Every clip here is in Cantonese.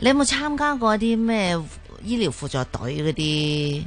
你有冇參加過啲咩醫療輔助隊嗰啲？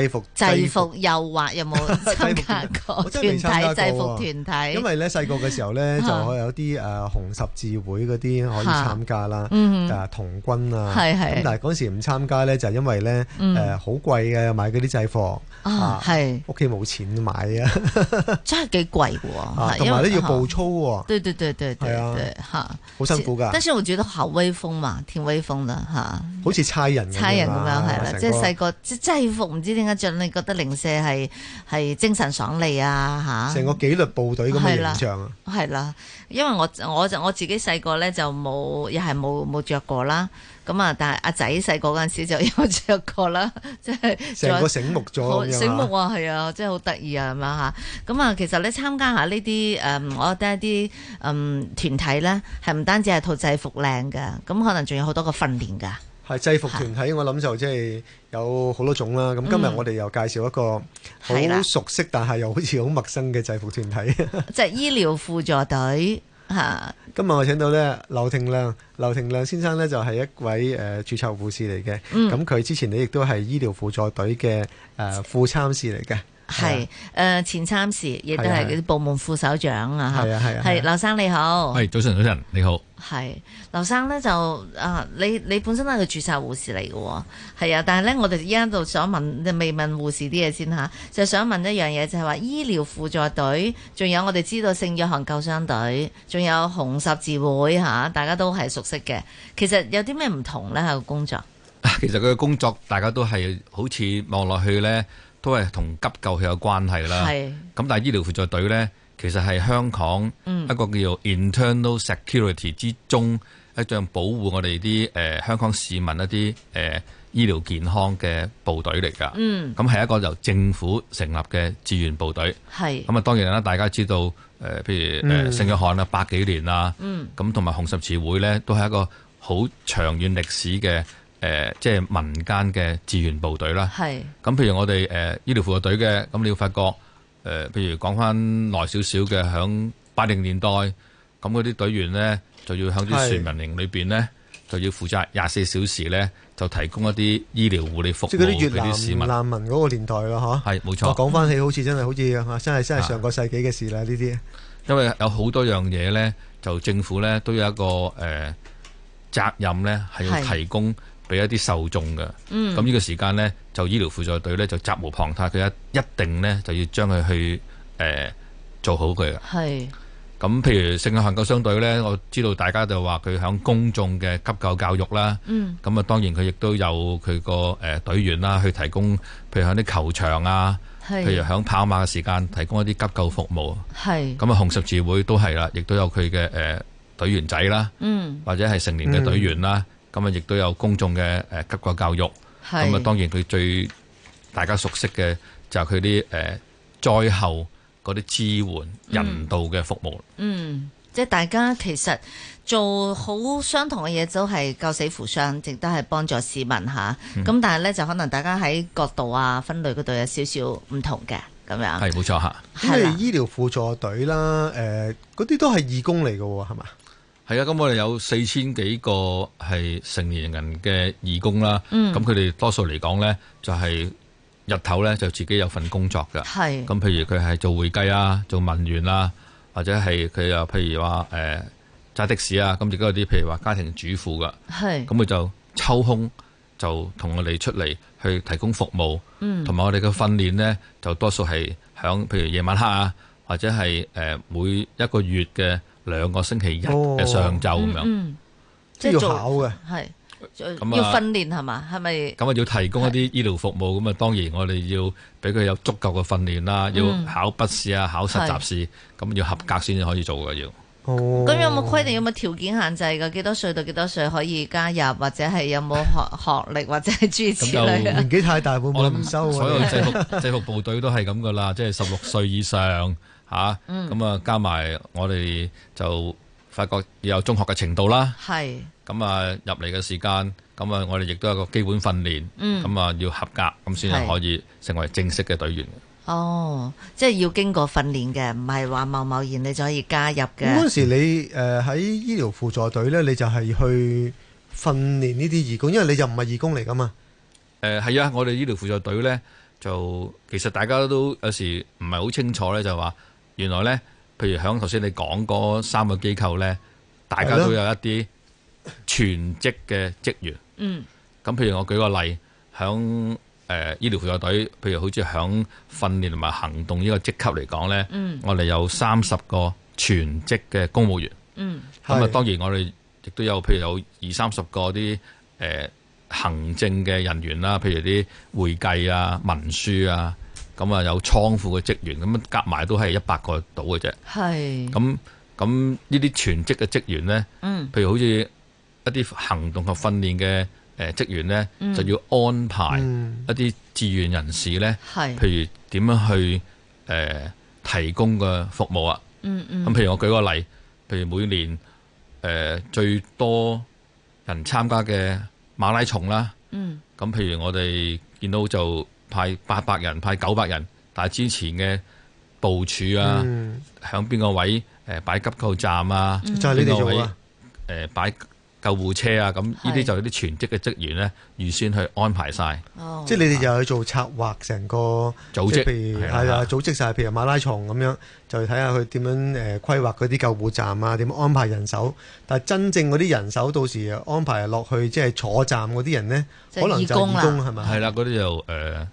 制服，制服誘惑，有冇參加過？我真係未參加過喎。因為咧細個嘅時候咧，就有啲誒紅十字會嗰啲可以參加啦，誒童軍啊。係係。咁但係嗰時唔參加咧，就係因為咧誒好貴嘅買嗰啲制服，係屋企冇錢買啊。真係幾貴喎，同埋都要步操喎。對對對對對，嚇，好辛苦㗎。但是我覺得好威風嘛，挺威風啦嚇。好似差人，差人咁樣係啦，即係細個即制服唔知。聽下你覺得零舍係係精神爽利啊，吓，成個紀律部隊咁嘅形象啊，係啦，因為我我就我自己細個咧就冇，又係冇冇着過啦。咁啊，但係阿仔細個嗰陣時就有着過啦，即係成個醒目咗，啊，醒目啊，係啊，真係好得意啊咁啊吓。咁啊，其實咧參加下呢啲誒，我覺得啲嗯團體咧，係唔單止係套制服靚噶，咁可能仲有好多個訓練噶。係制服團體，我諗就即係有好多種啦。咁的今日我哋又介紹一個好熟悉，是的但係又好似好陌生嘅制服團體，即 係醫療輔助隊嚇。今日我請到呢劉庭亮，劉庭亮先生呢就係一位誒註冊護士嚟嘅。咁佢的之前呢亦都係醫療輔助隊嘅誒、呃、副參事嚟嘅。係誒、啊啊呃，前參事亦都係啲部門副首長啊，吓係，劉生你好，係早晨早晨你好，係劉生呢，就啊，你你本身係個註冊護士嚟嘅，係啊，但係呢，我哋依家度想問，未問護士啲嘢先吓、啊，就想問一樣嘢，就係、是、話醫療輔助隊，仲有我哋知道聖約翰救傷隊，仲有紅十字會吓、啊，大家都係熟悉嘅，其實有啲咩唔同呢？喺個工作？其實佢嘅工作大家都係好似望落去呢。都係同急救係有關係啦。咁是但係醫療輔助隊咧，其實係香港一個叫做 internal security 之中、嗯、一隊保護我哋啲誒香港市民一啲誒、呃、醫療健康嘅部隊嚟㗎。咁係、嗯、一個由政府成立嘅志願部隊。咁啊是，嗯、當然啦，大家知道誒、呃，譬如誒、呃、聖約翰啊，百幾年啊，咁同埋紅十字會咧，都係一個好長遠歷史嘅。誒、呃，即係民間嘅志願部隊啦。係是。咁譬如我哋誒、呃、醫療輔助隊嘅，咁你要發覺誒、呃，譬如講翻耐少少嘅，響八零年代，咁嗰啲隊員呢，就要響啲船民營裏邊呢，是就要負責廿四小時呢，就提供一啲醫療護理服務。即係嗰啲越南難民嗰個年代咯，嚇。係，冇錯。我講翻起好似真係好似嚇，真係真係上個世紀嘅事啦呢啲。是些因為有好多樣嘢呢，就政府呢，都有一個誒、呃、責任呢，係要提供。俾一啲受眾噶，咁呢、嗯、個時間呢，就醫療輔助隊呢，就責無旁貸，佢一一定呢，就要將佢去誒、呃、做好佢。係咁是，譬如聖愛恆救商隊呢，救傷隊，我知道大家就話佢響公眾嘅急救教育啦。嗯，咁啊當然佢亦都有佢個誒隊員啦，去提供譬如響啲球場啊，是譬如響跑馬嘅時間提供一啲急救服務。係咁啊紅十字會都係啦，亦都有佢嘅誒隊員仔啦，嗯、或者係成年嘅隊員啦。嗯咁啊，亦都有公眾嘅誒急救教育，咁啊是當然佢最大家熟悉嘅就係佢啲誒災後嗰啲支援、嗯、人道嘅服務。嗯，即係大家其實做好相同嘅嘢，都係救死扶傷，淨都係幫助市民嚇。咁、啊嗯、但係咧，就可能大家喺角度啊、分類嗰度有少少唔同嘅咁樣。係冇錯嚇、啊，咁你、啊、醫療輔助隊啦，誒嗰啲都係義工嚟㗎，係嘛？係啊，咁我哋有四千幾個係成年人嘅義工啦。咁佢哋多數嚟講呢，就係日頭呢，就自己有份工作㗎。係咁是，譬如佢係做會計啊，做文員啊，或者係佢又譬如話誒揸的士啊。咁亦都有啲譬如話家庭主婦㗎。係咁佢就抽空就同我哋出嚟去提供服務。同埋、嗯、我哋嘅訓練呢，就多數係響譬如夜晚黑啊，或者係誒每一個月嘅。兩個星期一上晝咁樣，即係要考嘅，係咁要訓練係嘛？係咪？咁啊要提供一啲醫療服務咁啊，當然我哋要俾佢有足夠嘅訓練啦，要考筆試啊，考實習試，咁要合格先至可以做㗎要。哦，咁有冇規定？有冇條件限制㗎？幾多歲到幾多歲可以加入？或者係有冇學學歷或者係專業知識？年紀太大會唔會唔收？所有制服制服部隊都係咁噶啦，即係十六歲以上。啊，咁啊加埋我哋就發覺要有中學嘅程度啦。係咁啊入嚟嘅時間，咁啊我哋亦都有一個基本訓練。嗯，咁啊要合格，咁先係可以成為正式嘅隊員。哦，即係要經過訓練嘅，唔係話貿貿然你就可以加入嘅。咁嗰時你誒喺醫療輔助隊咧，你就係去訓練呢啲義工，因為你就唔係義工嚟噶嘛。誒係啊，我哋醫療輔助隊咧就其實大家都有時唔係好清楚咧，就話。原來呢，譬如響頭先你講嗰三個機構呢，大家都有一啲全職嘅職員。嗯。咁譬如我舉個例，響誒醫療輔助隊，譬如好似響訓練同埋行動呢個職級嚟講呢，嗯，我哋有三十個全職嘅公務員。嗯。咁啊，當然我哋亦都有，譬如有二三十個啲誒行政嘅人員啦，譬如啲會計啊、文書啊。咁啊，有倉庫嘅職員，咁樣夾埋都係一百個到嘅啫。係。咁咁呢啲全職嘅職員呢，嗯、譬如好似一啲行動及訓練嘅誒職員呢，嗯、就要安排一啲志願人士呢，嗯、譬如點樣去誒、呃、提供嘅服務啊？嗯嗯。咁譬如我舉個例，譬如每年誒、呃、最多人參加嘅馬拉松啦、啊，咁、嗯、譬如我哋見到就。派八百人，派九百人，但係之前嘅部署啊，響邊、嗯、個位誒、呃、擺急救站啊，就邊、嗯、個位誒、呃、擺救護車啊？咁呢啲就係啲全職嘅職員咧預先去安排曬，哦、即係你哋又去做策劃成個組織，係啊，組織晒，譬如馬拉松咁樣，就睇下佢點樣誒規劃嗰啲救護站啊，點樣安排人手。但係真正嗰啲人手到時安排落去，即、就、係、是、坐站嗰啲人咧，可能就義工係咪？係啦，嗰啲就誒。呃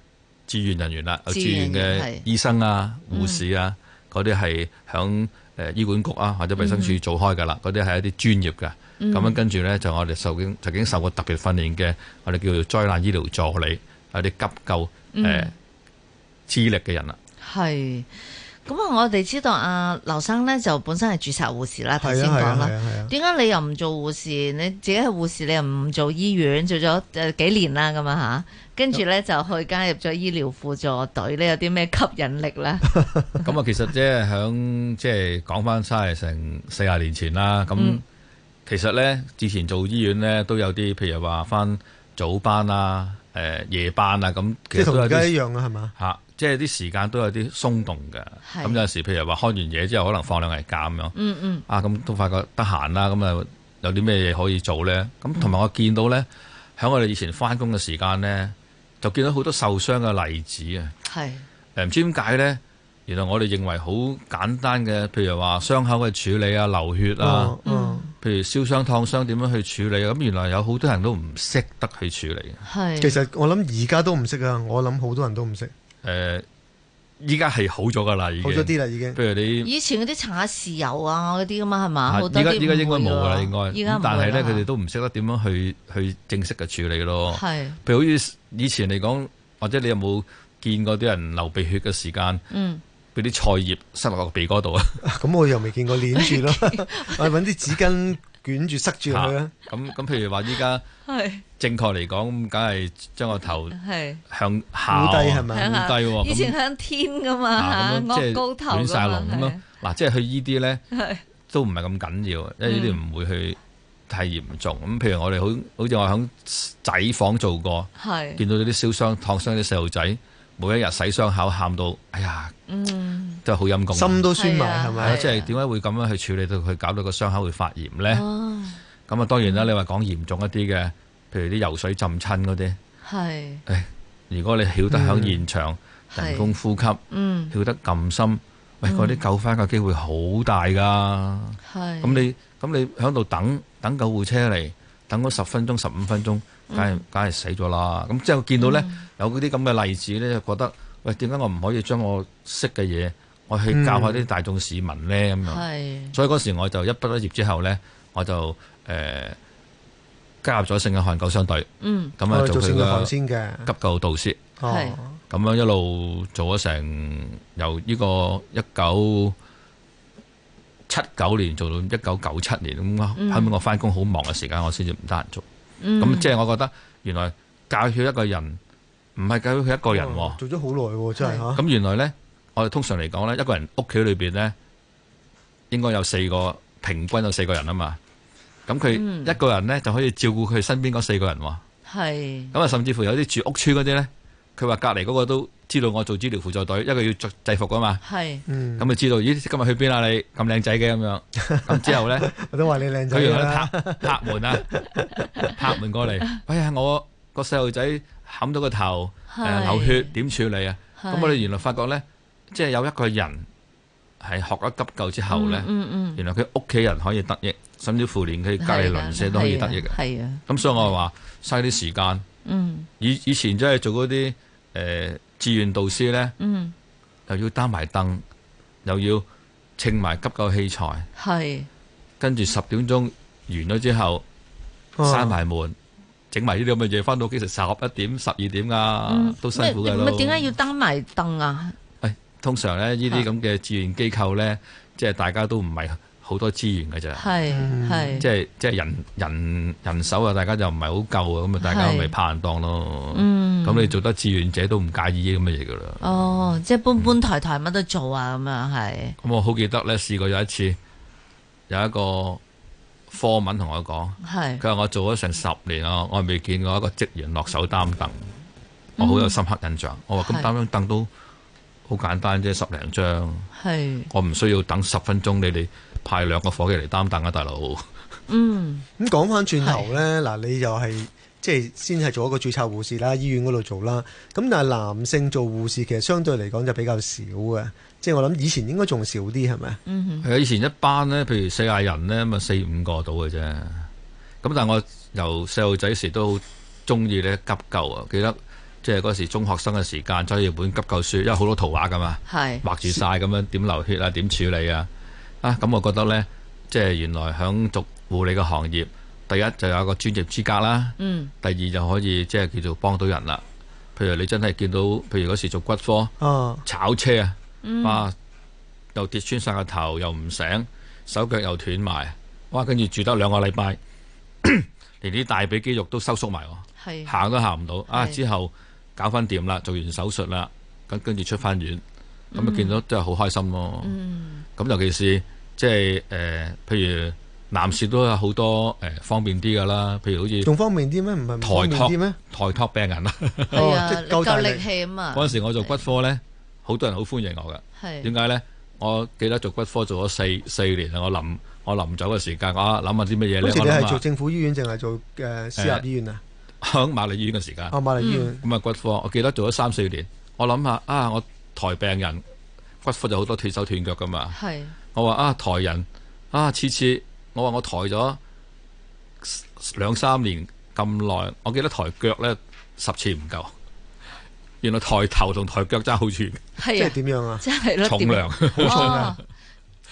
志願人員啦，有志願嘅醫生啊、是護士啊，嗰啲係響誒醫管局啊或者衞生署做開嘅啦，嗰啲係一啲專業嘅。咁樣、嗯、跟住呢，就我哋受經曾經受過特別訓練嘅，我哋叫做災難醫療助理，有啲急救誒資歷嘅人啦。係，咁啊，我哋知道啊，劉生呢就本身係註冊護士啦，頭先講啦。點解、啊啊啊、你又唔做護士？你自己係護士，你又唔做醫院？做咗誒幾年啦，咁樣吓。跟住咧就去加入咗醫療輔助隊咧，有啲咩吸引力咧？咁啊，其實即係響即係講翻晒，成四十年前啦。咁、嗯、其實咧，之前做醫院咧都有啲，譬如話翻早班啊、誒、呃、夜班啊咁。其實同而家一樣啊，係嘛嗎？即係啲時間都有啲鬆動嘅。咁是有時譬如話開完嘢之後，可能放兩日假咁樣嗯嗯。啊，咁都發覺得閒啦，咁啊有啲咩嘢可以做咧？咁同埋我見到咧，喺我哋以前翻工嘅時間咧。就見到好多受傷嘅例子啊！係唔是知點解咧？原來我哋認為好簡單嘅，譬如話傷口嘅處理啊、流血啊，哦嗯、譬如燒傷、燙傷點樣去處理啊？咁原來有好多人都唔識得去處理。是其實我諗而家都唔識啊！我諗好多人都唔識。誒、呃，依家係好咗噶啦，好咗啲啦，已經。譬如你以前嗰啲搽豉油啊嗰啲咁嘛係嘛？好多啲啦。依家應該應該冇啦，應該。依家但係咧，佢哋都唔識得點樣去去正式嘅處理咯。是譬如好似。以前嚟講，或者你有冇見過啲人流鼻血嘅時間，俾啲菜葉塞落個鼻哥度、嗯、 啊？咁我又未見過捻住咯，我揾啲紙巾捲住塞住佢啊！咁咁，譬如話依家正確嚟講，咁梗係將個頭向下低係咪？下低、啊，以前向天噶嘛，即昂高頭咁樣，捲晒龍咁咯。嗱，即係是、啊就是、去依啲咧，都唔係咁緊要，是因為呢啲唔會去太嚴重咁，譬如我哋好好似我喺仔房做過，見到啲燒傷、燙傷啲細路仔，每一日洗傷口，喊到哎呀，都係好陰功，心都酸埋，係咪？即係點解會咁樣去處理到佢，搞到個傷口會發炎咧？咁啊，當然啦！你話講嚴重一啲嘅，譬如啲游水浸親嗰啲，係。如果你曉得喺現場人工呼吸，曉得撳心，喂，嗰啲救翻嘅機會好大㗎。係。咁你咁你喺度等？等救護車嚟，等咗十分鐘、十五分鐘，梗係梗係死咗啦！咁即係見到咧，有嗰啲咁嘅例子咧，就覺得喂，點解我唔可以將我識嘅嘢，我去教下啲大眾市民咧？咁、嗯、樣，是所以嗰時我就一畢業之後咧，我就誒、呃、加入咗聖約翰救傷隊。嗯，咁啊做佢嘅急救導師。哦、嗯，咁樣一路做咗成由呢個一九。七九年做到一九九七年咁啊，後尾我翻工好忙嘅時間，我先至唔得閒做。咁即係我覺得原來教曉一個人唔係教曉佢一個人，做咗好耐喎，真係咁。咁原來呢，我哋通常嚟講呢，一個人屋企裏邊呢，應該有四個，平均有四個人啊嘛。咁佢一個人呢就可以照顧佢身邊嗰四個人喎。係。咁啊，甚至乎有啲住屋村嗰啲呢，佢話隔離嗰個都。知道我做醫療輔助隊，一個要著制服㗎嘛，咁咪知道咦今日去邊啦你咁靚仔嘅咁樣，咁之後咧都話你靚仔啦，拍門啊，拍門過嚟，哎呀我個細路仔冚到個頭，誒流血點處理啊？咁我哋原來發覺咧，即係有一個人係學咗急救之後咧，原來佢屋企人可以得益，甚至乎連佢隔籬鄰舍都可以得益嘅。係啊，咁所以我話嘥啲時間，以以前真係做嗰啲誒。志願導師咧，又要擔埋凳，又要稱埋急救器材，跟住十點鐘完咗之後，閂埋門，整埋呢啲咁嘅嘢，翻到屋企成十一點十二點㗎，都辛苦嘅。咁咪點解，要擔埋凳啊。誒，通常咧呢啲咁嘅志願機構咧，即係大家都唔係。好多資源嘅咋，係係，即係即係人人人手啊，大家就唔係好夠啊，咁啊，大家咪拍人當咯。嗯，咁你做得志願者都唔介意啲咁嘅嘢噶啦。哦，即係搬搬抬抬乜都做啊，咁樣係。咁是我好記得咧，試過有一次有一個科文同我講，佢話是我做咗成十年啦，我未見過一個職員落手擔凳，我好有深刻印象。嗯、我話咁擔張凳都好簡單啫，十零張，是我唔需要等十分鐘，你哋。派兩個伙計嚟擔當啊，大佬。嗯，咁講翻轉頭呢，嗱是，你又、就、係、是、即係先係做一個註冊護士啦，醫院嗰度做啦。咁但係男性做護士其實相對嚟講就比較少嘅。即係我諗以前應該仲少啲，係咪係啊，嗯、哼以前一班呢，譬如四廿人呢，咁啊，四五個到嘅啫。咁但係我由細路仔時都好中意呢急救啊！記得即係嗰時中學生嘅時間，揸、就、住、是、本急救書，因為好多圖畫㗎嘛，是畫住晒咁樣點流血怎是啊，點處理啊。啊，咁我覺得呢，即係原來響做護理嘅行業，第一就有個專業資格啦。嗯。第二就可以即係叫做幫到人啦。譬如你真係見到，譬如嗰時做骨科，哦、炒車啊，哇、嗯，又跌穿晒個頭，又唔醒，手腳又斷埋，哇，跟住住得兩個禮拜，連啲大髀肌肉都收縮埋，係行是都行唔到。是啊，之後搞翻掂啦，做完手術啦，咁跟住出翻院，咁啊、嗯、見到都係好開心咯、啊。嗯咁尤其是即係誒，譬如男士都有好多誒、欸、方便啲噶啦，譬如好似仲方便啲咩？唔係抬托咩？抬托台 talk, 病人啊，係啊、哦，即夠力氣啊嘛！嗰陣時我做骨科咧，好對多人好歡迎我噶。係點解咧？我記得做骨科做咗四四年啊！我臨我臨走嘅時間，我諗下啲乜嘢咧？你係做政府醫院，淨係做誒私立醫院啊！響瑪麗醫院嘅時間。哦，瑪麗醫院咁啊，嗯、骨科。我記得做咗三四年，我諗下啊，我抬病人。骨科就好多斷手斷腳噶嘛，的我話啊抬人啊次次，我話我抬咗兩三年咁耐，我記得抬腳咧十次唔夠，原來抬頭同抬腳真係好遠，即係點樣啊？即係重量好、哦、重啊，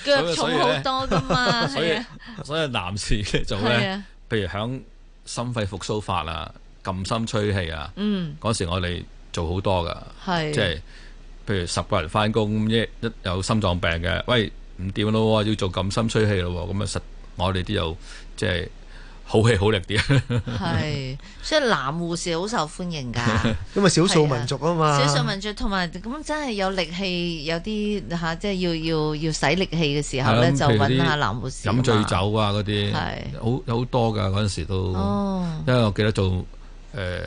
腳重好多噶嘛，所以所以男士做咧，譬的如響心肺復蘇法啊，撳心吹氣啊，嗰、嗯、時我哋做好多噶，即係的。譬如十個人翻工，一一有心臟病嘅，喂唔掂咯，要做咁深吹氣咯，咁啊實我哋啲又即係好氣好力啲。係，所以男護士好受歡迎㗎。因為少數民族啊嘛。少數民族同埋咁真係有力氣，有啲吓、啊、即係要要要使力氣嘅時候咧，的就搵下男護士。嗰啲飲醉酒啊嗰啲，的好有好多㗎嗰陣時都。哦、因為我記得做誒、呃、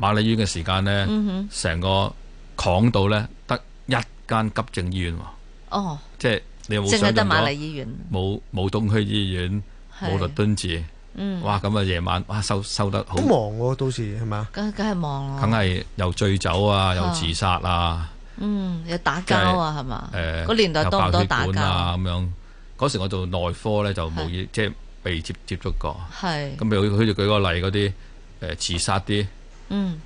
瑪麗醫院嘅時間咧，成、嗯、哼個。港島咧，得一間急症醫院喎。哦，即係你有冇想？淨係得瑪麗醫院，冇冇東區醫院，冇律敦治。嗯，哇，咁啊，夜晚哇，收收得好忙喎，到時係嘛？梗梗係忙咯。梗係又醉酒啊，又自殺啊。嗯，又打交啊，係嘛？誒，嗰年代多唔多打交啊？咁樣嗰時我做內科咧，就冇即係被接接觸過。係咁，譬如佢就舉個例，嗰啲誒自殺啲，嗯，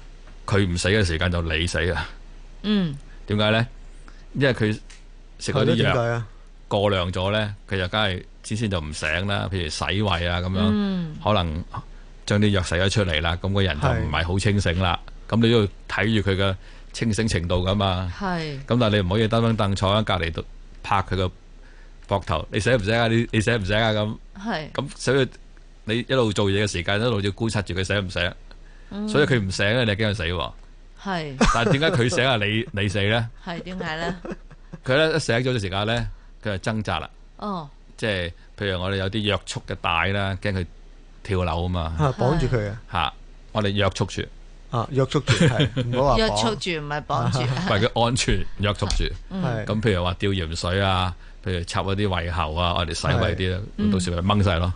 佢唔死嘅時間就你死啊。嗯，點解咧？因為佢食嗰啲藥過量咗咧，佢就梗係之先就唔醒啦。譬如洗胃啊咁樣，可能將啲藥洗咗出嚟啦，咁個人就唔係好清醒啦。咁你都要睇住佢嘅清醒程度噶嘛。係。咁但係你唔可以擔張凳坐喺隔籬度拍佢個膊頭，你醒唔醒啊？你你醒唔醒啊？咁係。咁所以你一路做嘢嘅時間，一路要觀察住佢醒唔醒。所以佢唔醒咧，你就驚佢死喎。係，但係點解佢醒啊？你你死咧？係點解咧？佢咧一醒咗嘅時間咧，佢就掙扎啦。哦，即係譬如我哋有啲約束嘅帶啦，驚佢跳樓啊嘛。啊，綁住佢啊！吓，我哋約束住。啊，約束住，唔好話綁住。約束住唔係綁住，為佢安全約束住。係，咁譬如話吊鹽水啊，譬如插嗰啲胃喉啊，我哋洗胃啲啦，到時咪掹晒咯。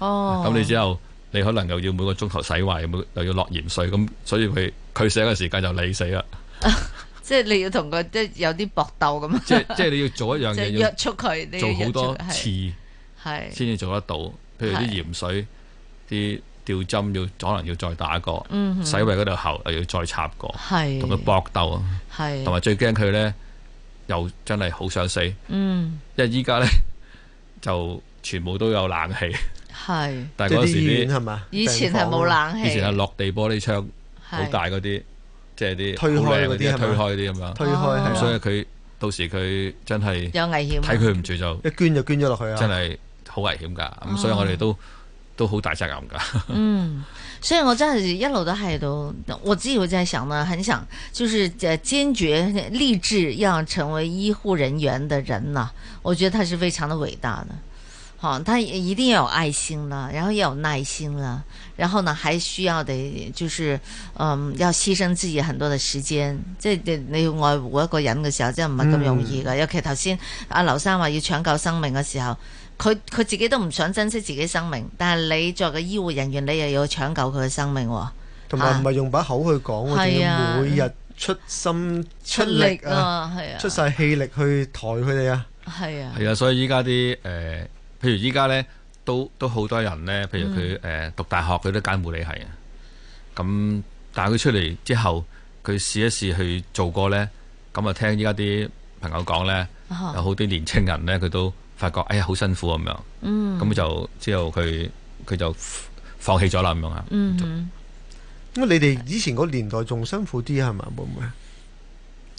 哦，咁你之後。你可能又要每個鐘頭洗胃，又要落鹽水，咁所以佢佢死嘅時間就你死啦。即係你要同佢即係有啲搏鬥咁樣。即即係你要做一樣嘢， 約束你要約束佢，做好多次，先至做得到。譬如啲鹽水、啲是吊針要可能要再打過，是洗胃嗰度喉又要再插過，同佢是搏鬥，啊是。同埋最驚佢呢，又真係好想死。嗯、因為依家呢，就全部都有冷氣。係，即係啲，係嘛？是以前係冇冷氣，以前係落地玻璃窗很，好大嗰啲，即係啲推開啲，推開啲咁樣。推開、啊，所以佢到時佢真係有危險，睇佢唔住就一捐就捐咗落去啊！真係好危險噶，咁所以我哋都、嗯、都好大責任噶。 嗯，所以我真係一路都喺度，我自己在想呢，很想就是誒，堅決立志要成為醫護人員嘅人啊，我覺得他是非常的偉大的。好，他一定要有愛心啦，然後要有耐心啦，然後呢，還需要得，就是，嗯，要犧牲自己很多的時間，即係你要愛護一個人嘅時候，即係唔係咁容易噶。嗯、尤其頭先阿劉生話要搶救生命嘅時候，佢佢自己都唔想珍惜自己生命，但係你作為個醫護人員，你又要搶救佢嘅生命。同埋唔係用把口去講，我、啊、每日出心、啊、出力啊，係啊，啊出晒氣力去抬佢哋啊，係啊，係啊，所以依家啲誒。呃譬如依家咧，都都好多人咧。譬如佢誒、呃、讀大學，佢都揀護理系啊。咁但係佢出嚟之後，佢試一試去做過咧。咁啊，聽依家啲朋友講咧，uh huh. 有好啲年青人咧，佢都發覺哎呀好辛苦咁樣。嗯、uh，咁、huh. 就之後佢佢就放棄咗啦，咁樣啊。咁、uh huh. 就你哋以前個年代仲辛苦啲係咪？會唔會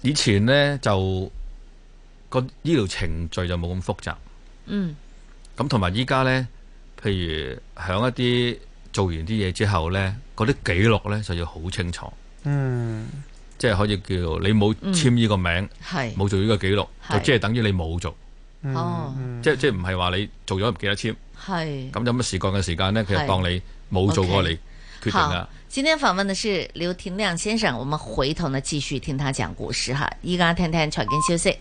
以前咧就個醫療程序就冇咁複雜。嗯、uh。Huh. 咁同埋依家呢，譬如喺一啲做完啲嘢之後呢，嗰啲記錄呢就要好清楚，嗯，即係可以叫你冇簽呢個名，係冇、嗯、做呢個記錄，是就即係等於你冇做，哦、嗯，即、嗯、即唔係話你做咗唔記得簽，係咁有乜事幹嘅時間呢？佢就當你冇做過你決定啦、okay。今天訪問嘅是劉庭亮先生，我們回頭呢繼續聽他講故事哈，依家聽聽財經消息。